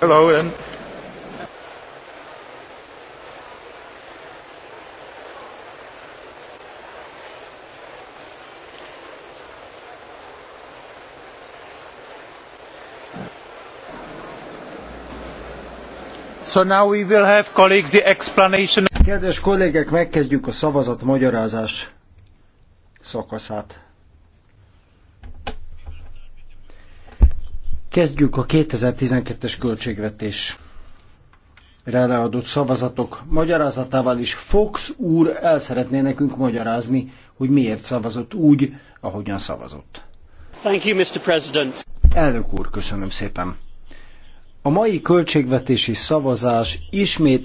Hello and So now we will have colleagues the explanation. Kedves kollégek, megkezdjük a szavazat magyarázás szakaszát. Kezdjük a 2012-es költségvetés ráadott szavazatok magyarázatával is. Fox úr el szeretné nekünk magyarázni, hogy miért szavazott úgy, ahogyan szavazott. Thank you, Mr. President. Elnök úr, köszönöm szépen. A mai költségvetési szavazás ismét